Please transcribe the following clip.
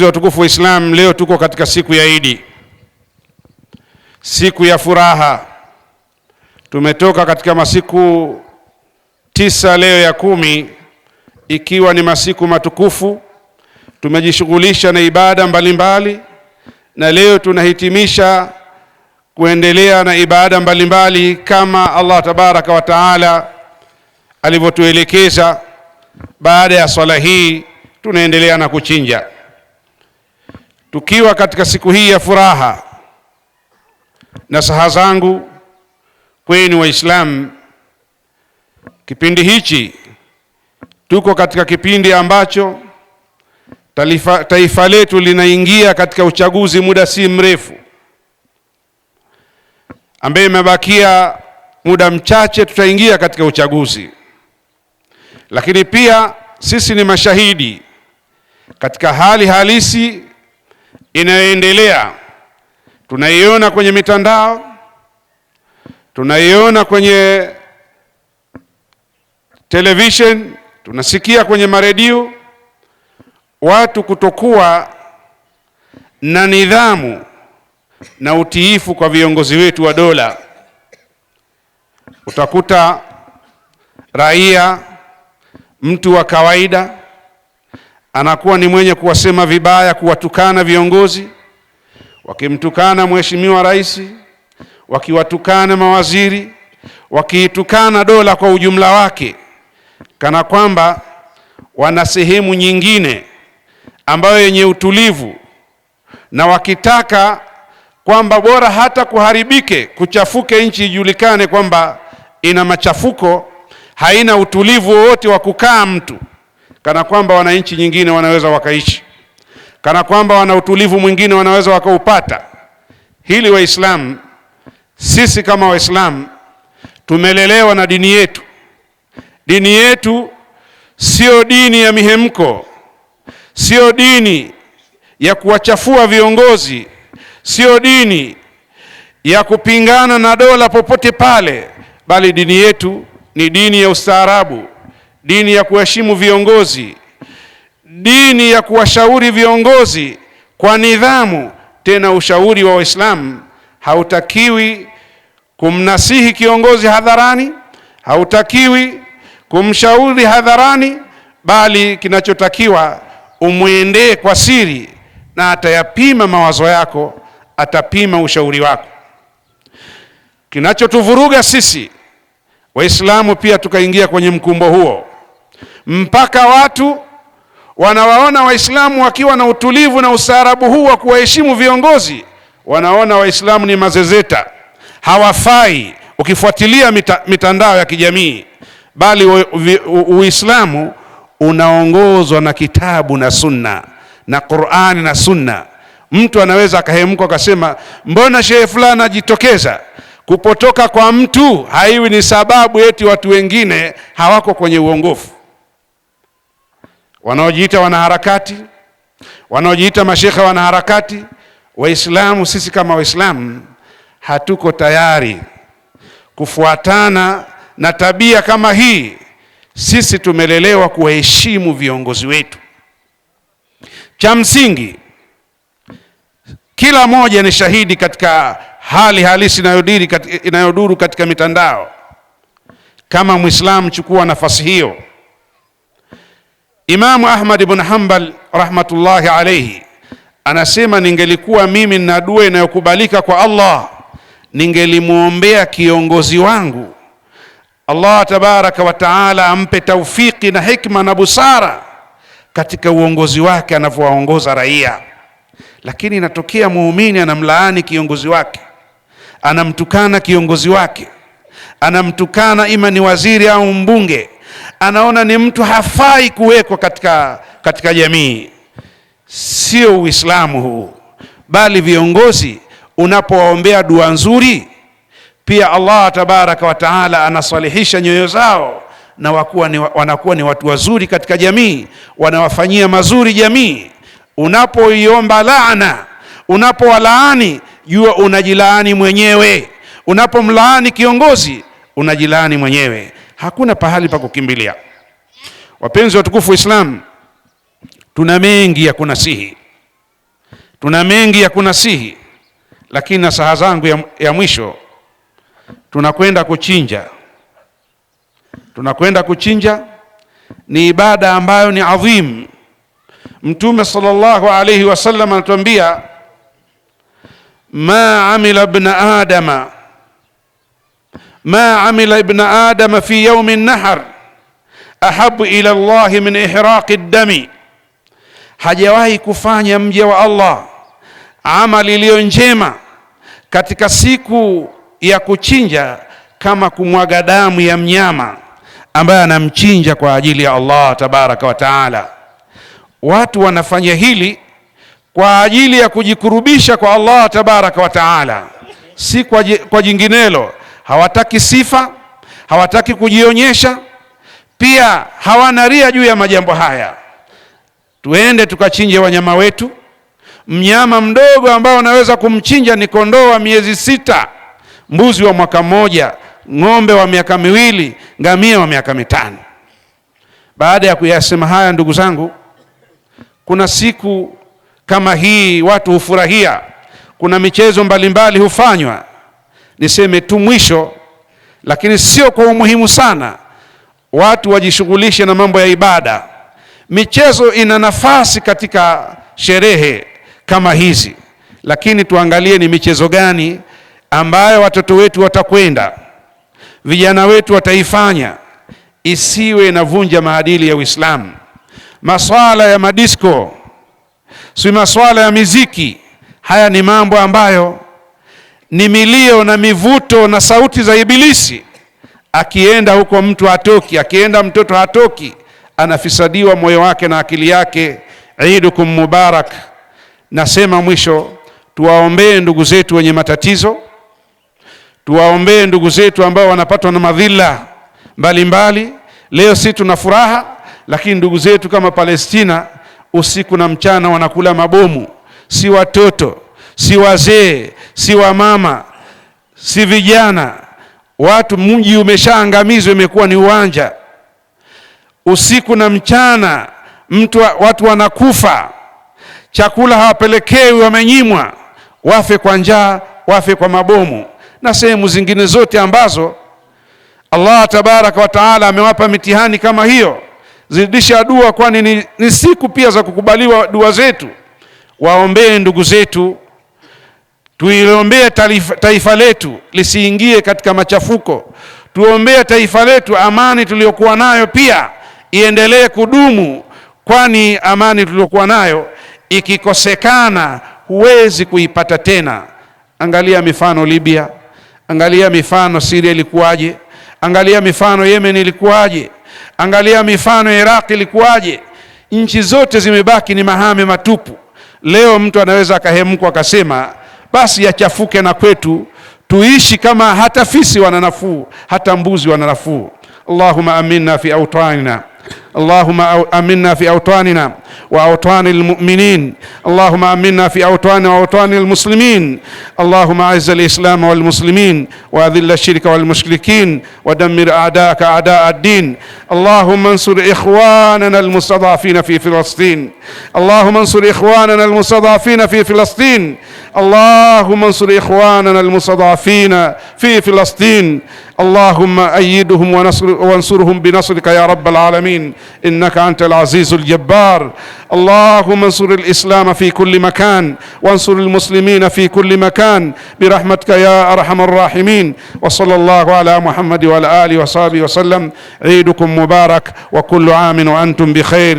Watukufu wa Islam, leo tuko katika siku ya Idi, siku ya furaha. Tumetoka katika masiku tisa, leo ya kumi, ikiwa ni masiku matukufu. Tumejishughulisha na ibada mbalimbali mbali, na leo tunahitimisha kuendelea na ibada mbalimbali mbali, kama Allah tabaraka wa taala alivyotuelekeza. Baada ya swala hii tunaendelea na kuchinja tukiwa katika siku hii ya furaha na saha zangu kwenu Waislamu, kipindi hichi tuko katika kipindi ambacho taifa, taifa letu linaingia katika uchaguzi muda si mrefu, ambaye imebakia muda mchache tutaingia katika uchaguzi, lakini pia sisi ni mashahidi katika hali halisi inayoendelea tunaiona kwenye mitandao, tunaiona kwenye television, tunasikia kwenye maredio, watu kutokuwa na nidhamu na utiifu kwa viongozi wetu wa dola. Utakuta raia, mtu wa kawaida anakuwa ni mwenye kuwasema vibaya, kuwatukana viongozi, wakimtukana mheshimiwa rais, wakiwatukana mawaziri, wakiitukana dola kwa ujumla wake, kana kwamba wana sehemu nyingine ambayo yenye utulivu, na wakitaka kwamba bora hata kuharibike, kuchafuke nchi ijulikane kwamba ina machafuko, haina utulivu wowote wa kukaa mtu kana kwamba wana nchi nyingine wanaweza wakaishi, kana kwamba wana utulivu mwingine wanaweza wakaupata. Hili Waislamu, sisi kama Waislamu tumelelewa na dini yetu. Dini yetu siyo dini ya mihemko, siyo dini ya kuwachafua viongozi, siyo dini ya kupingana na dola popote pale, bali dini yetu ni dini ya ustaarabu dini ya kuheshimu viongozi, dini ya kuwashauri viongozi kwa nidhamu. Tena ushauri wa Waislamu hautakiwi kumnasihi kiongozi hadharani, hautakiwi kumshauri hadharani, bali kinachotakiwa umwendee kwa siri, na atayapima mawazo yako, atapima ushauri wako. Kinachotuvuruga sisi Waislamu pia tukaingia kwenye mkumbo huo mpaka watu wanawaona Waislamu wakiwa na utulivu na ustaarabu huu wa kuwaheshimu viongozi, wanaona Waislamu ni mazezeta, hawafai. Ukifuatilia mita, mitandao ya kijamii, bali Uislamu unaongozwa na kitabu na sunna na Qur'ani na sunna. Mtu anaweza akahemka akasema, mbona shehe fulani ajitokeza? Kupotoka kwa mtu haiwi ni sababu eti watu wengine hawako kwenye uongofu wanaojiita wanaharakati, wanaojiita mashekha wanaharakati. Waislamu sisi kama Waislamu hatuko tayari kufuatana na tabia kama hii. Sisi tumelelewa kuwaheshimu viongozi wetu. Cha msingi, kila mmoja ni shahidi katika hali halisi inayodiri katika, inayoduru katika mitandao. Kama Mwislamu, chukua nafasi hiyo. Imamu Ahmad ibn Hanbal rahmatullahi alayhi anasema, ningelikuwa mimi na dua inayokubalika kwa Allah, ningelimwombea kiongozi wangu Allah tabaraka wa taala ampe taufiki na hikma na busara katika uongozi wake anavyowaongoza raia. Lakini inatokea muumini anamlaani kiongozi wake, anamtukana kiongozi wake, anamtukana ima ni waziri au mbunge anaona ni mtu hafai kuwekwa katika, katika jamii. Sio Uislamu huu, bali viongozi unapowaombea dua nzuri, pia Allah tabaraka wa taala anasalihisha nyoyo zao na wakuwa ni, wanakuwa ni watu wazuri katika jamii, wanawafanyia mazuri jamii. Unapoiomba laana, unapowalaani, jua unajilaani mwenyewe. Unapomlaani kiongozi, unajilaani mwenyewe hakuna pahali pa kukimbilia. Wapenzi watukufu wa Islam, tuna mengi ya kunasihi, tuna mengi ya kunasihi, lakini nasaha zangu ya, ya mwisho tunakwenda kuchinja. Tunakwenda kuchinja ni ibada ambayo ni adhim. Mtume sallallahu alayhi wasallam anatuambia ma amila ibn adama ما amila ابن fi في يوم النحر ahabu ila llahi min ihraqi ldami hajawahi kufanya mja wa Allah amali iliyo njema katika siku ya kuchinja kama kumwaga damu ya mnyama ambaye anamchinja kwa ajili ya Allah tabaraka wa taala. Watu wanafanya hili kwa ajili ya kujikurubisha kwa Allah tabaraka wa taala, si kwa, kwa jinginelo hawataki sifa, hawataki kujionyesha, pia hawana ria juu ya majambo haya. Tuende tukachinje wanyama wetu. Mnyama mdogo ambao anaweza kumchinja ni kondoo wa miezi sita, mbuzi wa mwaka mmoja, ng'ombe wa miaka miwili, ngamia wa miaka mitano. Baada ya kuyasema haya, ndugu zangu, kuna siku kama hii watu hufurahia, kuna michezo mbalimbali hufanywa Niseme tu mwisho, lakini sio kwa umuhimu sana, watu wajishughulishe na mambo ya ibada. Michezo ina nafasi katika sherehe kama hizi, lakini tuangalie ni michezo gani ambayo watoto wetu watakwenda, vijana wetu wataifanya, isiwe inavunja maadili ya Uislamu. Maswala ya madisko, si maswala ya miziki, haya ni mambo ambayo ni milio na mivuto na sauti za Ibilisi. Akienda huko mtu hatoki, akienda mtoto hatoki, anafisadiwa moyo wake na akili yake. Idukum mubarak. Nasema mwisho, tuwaombee ndugu zetu wenye matatizo, tuwaombee ndugu zetu ambao wanapatwa na madhila mbalimbali mbali. Leo si tuna furaha, lakini ndugu zetu kama Palestina usiku na mchana wanakula mabomu, si watoto si wazee si wamama, si vijana. Watu mji umeshaangamizwa, imekuwa ni uwanja usiku na mchana, mtu watu wanakufa, chakula hawapelekewi, wamenyimwa, wafe kwa njaa, wafe kwa mabomu na sehemu zingine zote ambazo Allah tabaraka wa taala amewapa mitihani kama hiyo. Zidisha dua, kwani ni, ni siku pia za kukubaliwa dua zetu. Waombee ndugu zetu tuiombee taifa, letu lisiingie katika machafuko. Tuombea taifa letu, amani tuliyokuwa nayo pia iendelee kudumu, kwani amani tuliyokuwa nayo ikikosekana huwezi kuipata tena. Angalia mifano Libya, angalia mifano Syria ilikuwaje, angalia mifano Yemen ilikuwaje, angalia mifano Iraq ilikuwaje. Nchi zote zimebaki ni mahame matupu. Leo mtu anaweza akahemkwa akasema basi yachafuke na kwetu, tuishi kama hata fisi wana nafuu, hata mbuzi wana nafuu. Allahumma aminna fi autanina Allahumma aminna fi awtanina wa awtani almuminin Allahumma aminna fi awtani wa awtani almuslimin Allahumma aizz alislama walmuslimin wa adhilla shirka walmushrikin wa dammir a'daaka din Allahumma ansur ikhwanana almustad'afina fi Filastin اللهم انصر إخواننا المستضعفين في فلسطين اللهم انصر إخواننا المستضعفين في فلسطين اللهم أيدهم ونصر وانصرهم بنصرك يا رب العالمين إنك أنت العزيز الجبار اللهم انصر الإسلام في كل مكان وانصر المسلمين في كل مكان برحمتك يا أرحم الراحمين وصلى الله على محمد وعلى آله وصحبه وسلم عيدكم مبارك وكل عام وأنتم بخير